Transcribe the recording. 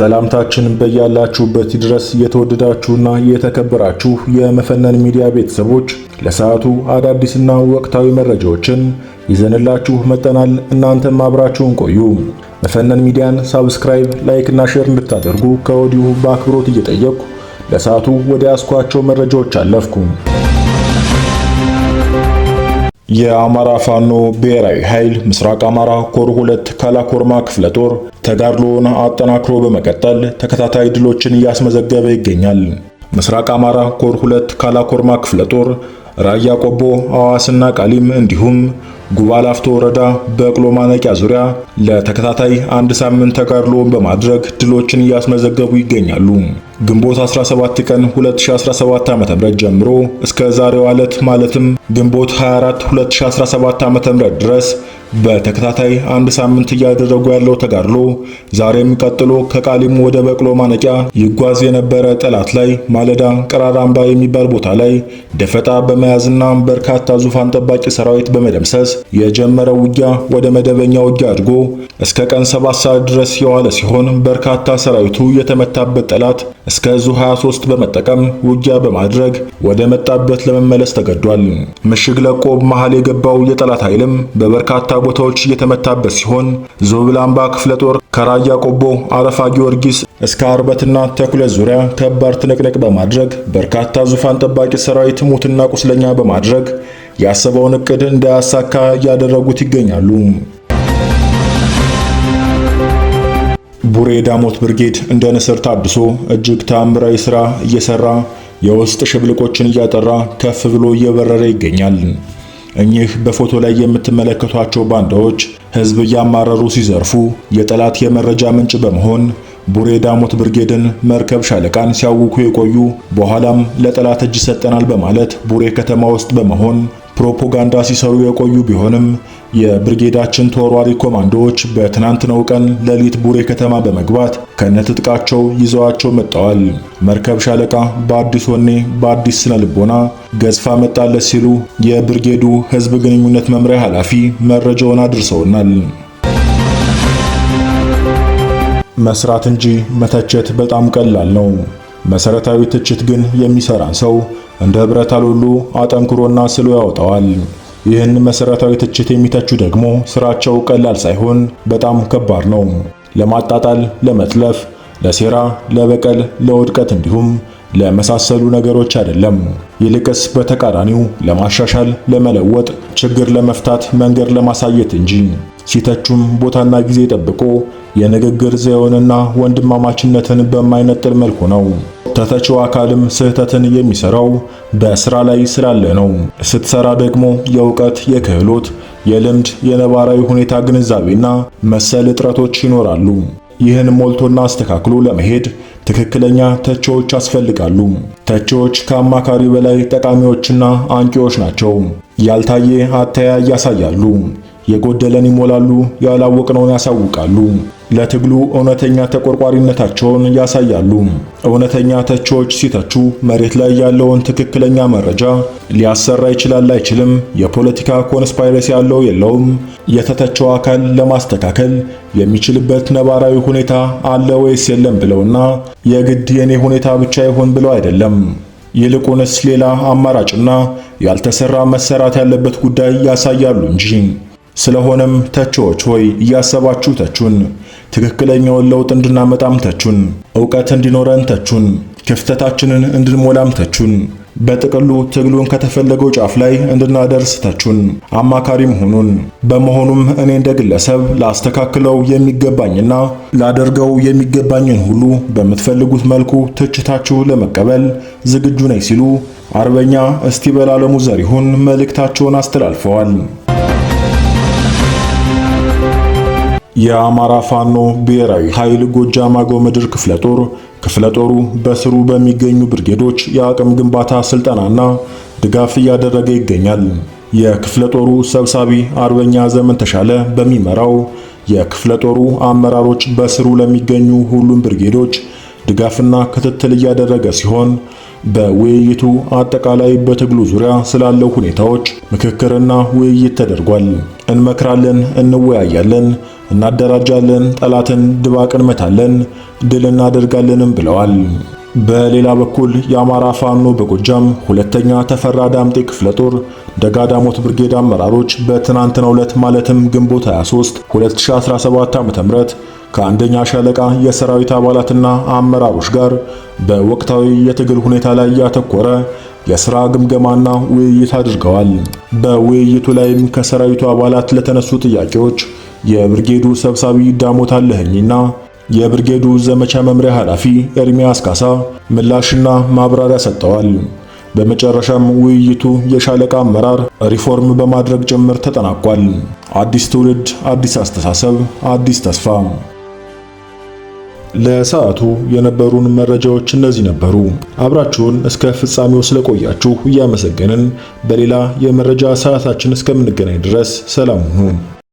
ሰላምታችን በያላችሁበት ድረስ የተወደዳችሁና የተከበራችሁ የመፈነን ሚዲያ ቤተሰቦች ለሰዓቱ አዳዲስና ወቅታዊ መረጃዎችን ይዘንላችሁ መጠናል። እናንተም አብራችሁን ቆዩ። መፈነን ሚዲያን ሳብስክራይብ፣ እና ሼር እንድታደርጉ ከወዲሁ በአክብሮት እየጠየቅኩ ለሰዓቱ ወደ ያስኳቸው መረጃዎች አለፍኩ። የአማራ ፋኖ ብሔራዊ ኃይል ምስራቅ አማራ ኮር ሁለት ካላኮርማ ክፍለ ጦር ተጋድሎውን አጠናክሮ በመቀጠል ተከታታይ ድሎችን እያስመዘገበ ይገኛል። ምስራቅ አማራ ኮር ሁለት ካላኮርማ ክፍለ ጦር ራያ ቆቦ፣ አዋስና ቃሊም እንዲሁም ጉባ ላፍቶ ወረዳ በቅሎ ማነቂያ ዙሪያ ለተከታታይ አንድ ሳምንት ተጋድሎን በማድረግ ድሎችን እያስመዘገቡ ይገኛሉ። ግንቦት 17 ቀን 2017 ዓ.ም ጀምሮ እስከ ዛሬው ዕለት ማለትም ግንቦት 24 2017 ዓ.ም ድረስ በተከታታይ አንድ ሳምንት እያደረጉ ያለው ተጋድሎ ዛሬም ቀጥሎ ከቃሊሙ ወደ በቅሎ ማነቂያ ይጓዝ የነበረ ጠላት ላይ ማለዳ ቀራራምባ የሚባል ቦታ ላይ ደፈጣ በመያዝና በርካታ ዙፋን ጠባቂ ሰራዊት በመደምሰስ የጀመረው ውጊያ ወደ መደበኛ ውጊያ አድጎ እስከ ቀን ሰባት ሰዓት ድረስ የዋለ ሲሆን በርካታ ሰራዊቱ የተመታበት ጠላት እስከ ዙ 23 በመጠቀም ውጊያ በማድረግ ወደ መጣበት ለመመለስ ተገዷል። ምሽግ ለቆ መሃል የገባው የጠላት ኃይልም በበርካታ ቦታዎች እየተመታበት ሲሆን ዞብላምባ ክፍለ ጦር ከራያ ቆቦ አረፋ ጊዮርጊስ እስከ አርበትና ተኩለ ዙሪያ ከባድ ትንቅንቅ በማድረግ በርካታ ዙፋን ጠባቂ ሰራዊት ሙትና ቁስለኛ በማድረግ ያሰበውን እቅድ እንዳያሳካ እያደረጉት ይገኛሉ። ቡሬ ዳሞት ብርጌድ እንደ ንስር ታድሶ እጅግ ተአምራዊ ሥራ እየሰራ የውስጥ ሽብልቆችን እያጠራ ከፍ ብሎ እየበረረ ይገኛል። እኚህ በፎቶ ላይ የምትመለከቷቸው ባንዳዎች ህዝብ እያማረሩ ሲዘርፉ የጠላት የመረጃ ምንጭ በመሆን ቡሬ ዳሞት ብርጌድን መርከብ ሻለቃን ሲያውኩ የቆዩ በኋላም ለጠላት እጅ ሰጠናል በማለት ቡሬ ከተማ ውስጥ በመሆን ፕሮፖጋንዳ ሲሰሩ የቆዩ ቢሆንም የብርጌዳችን ተወርዋሪ ኮማንዶዎች በትናንትናው ቀን ሌሊት ቡሬ ከተማ በመግባት ከነትጥቃቸው ይዘዋቸው መጥተዋል። መርከብ ሻለቃ በአዲስ ወኔ በአዲስ ስነ ልቦና ገዝፋ መጣለት ሲሉ የብርጌዱ ህዝብ ግንኙነት መምሪያ ኃላፊ መረጃውን አድርሰውናል። መስራት እንጂ መተቸት በጣም ቀላል ነው። መሰረታዊ ትችት ግን የሚሰራን ሰው እንደ ብረታል ሁሉ አጠንክሮና ስሎ ያወጣዋል። ይህን መሰረታዊ ትችት የሚተቹ ደግሞ ስራቸው ቀላል ሳይሆን በጣም ከባድ ነው። ለማጣጣል፣ ለመጥለፍ፣ ለሴራ፣ ለበቀል፣ ለውድቀት እንዲሁም ለመሳሰሉ ነገሮች አይደለም። ይልቅስ በተቃራኒው ለማሻሻል፣ ለመለወጥ፣ ችግር ለመፍታት መንገድ ለማሳየት እንጂ ሲተቹም ቦታና ጊዜ ጠብቆ የንግግር ዘየውንና ወንድማማችነትን በማይነጥል መልኩ ነው። ተተችው አካልም ስህተትን የሚሰራው በስራ ላይ ስላለ ነው። ስትሰራ ደግሞ የእውቀት፣ የክህሎት፣ የልምድ፣ የነባራዊ ሁኔታ ግንዛቤና መሰል እጥረቶች ይኖራሉ። ይህን ሞልቶና አስተካክሎ ለመሄድ ትክክለኛ ተቺዎች ያስፈልጋሉ። ተቺዎች ከአማካሪ በላይ ጠቃሚዎችና አንቂዎች ናቸው። ያልታየ አተያይ ያሳያሉ። የጎደለን ይሞላሉ፣ ያላወቅነውን ያሳውቃሉ። ለትግሉ እውነተኛ ተቆርቋሪነታቸውን ያሳያሉ። እውነተኛ ተቺዎች ሲተቹ መሬት ላይ ያለውን ትክክለኛ መረጃ ሊያሰራ ይችላል አይችልም፣ የፖለቲካ ኮንስፓይረሲ ያለው የለውም፣ የተተቸው አካል ለማስተካከል የሚችልበት ነባራዊ ሁኔታ አለ ወይስ የለም ብለውና የግድ የኔ ሁኔታ ብቻ ይሆን ብለው አይደለም። ይልቁንስ ሌላ አማራጭና ያልተሰራ መሰራት ያለበት ጉዳይ ያሳያሉ እንጂ ስለሆነም ተቺዎች ሆይ እያሰባችሁ ተቹን። ትክክለኛውን ለውጥ እንድናመጣም ተቹን። ዕውቀት እንዲኖረን ተቹን። ክፍተታችንን እንድንሞላም ተቹን። በጥቅሉ ትግሉን ከተፈለገው ጫፍ ላይ እንድናደርስ ተቹን፣ አማካሪም ሁኑን። በመሆኑም እኔ እንደ ግለሰብ ላስተካክለው የሚገባኝና ላደርገው የሚገባኝን ሁሉ በምትፈልጉት መልኩ ትችታችሁ ለመቀበል ዝግጁ ነኝ ሲሉ አርበኛ እስቲበል ዓለሙ ዘሪሁን መልእክታቸውን አስተላልፈዋል። የአማራ ፋኖ ብሔራዊ ኃይል ጎጃም አገው ምድር ክፍለ ጦር ክፍለ ጦሩ በስሩ በሚገኙ ብርጌዶች የአቅም ግንባታ ስልጠናና ድጋፍ እያደረገ ይገኛል። የክፍለ ጦሩ ሰብሳቢ አርበኛ ዘመን ተሻለ በሚመራው የክፍለ ጦሩ አመራሮች በስሩ ለሚገኙ ሁሉም ብርጌዶች ድጋፍና ክትትል እያደረገ ሲሆን በውይይቱ አጠቃላይ በትግሉ ዙሪያ ስላለው ሁኔታዎች ምክክርና ውይይት ተደርጓል። እንመክራለን፣ እንወያያለን፣ እናደራጃለን፣ ጠላትን ድባቅ እንመታለን፣ ድል እናደርጋለንም ብለዋል። በሌላ በኩል የአማራ ፋኖ በጎጃም ሁለተኛ ተፈራ ዳምጤ ክፍለ ጦር ደጋዳሞት ብርጌድ አመራሮች በትናንትናው ዕለት ማለትም ግንቦት 23 2017 ዓ.ም ከአንደኛ ሻለቃ የሰራዊት አባላትና አመራሮች ጋር በወቅታዊ የትግል ሁኔታ ላይ ያተኮረ የሥራ ግምገማና ውይይት አድርገዋል። በውይይቱ ላይም ከሰራዊቱ አባላት ለተነሱ ጥያቄዎች የብርጌዱ ሰብሳቢ ዳሞት አለህኝና የብርጌዱ ዘመቻ መምሪያ ኃላፊ ኤርሚያስ ካሳ ምላሽና ማብራሪያ ሰጥተዋል። በመጨረሻም ውይይቱ የሻለቃ አመራር ሪፎርም በማድረግ ጭምር ተጠናቋል። አዲስ ትውልድ፣ አዲስ አስተሳሰብ፣ አዲስ ተስፋ። ለሰዓቱ የነበሩን መረጃዎች እነዚህ ነበሩ። አብራችሁን እስከ ፍጻሜው ስለቆያችሁ እያመሰገንን በሌላ የመረጃ ሰዓታችን እስከምንገናኝ ድረስ ሰላም ሁኑ።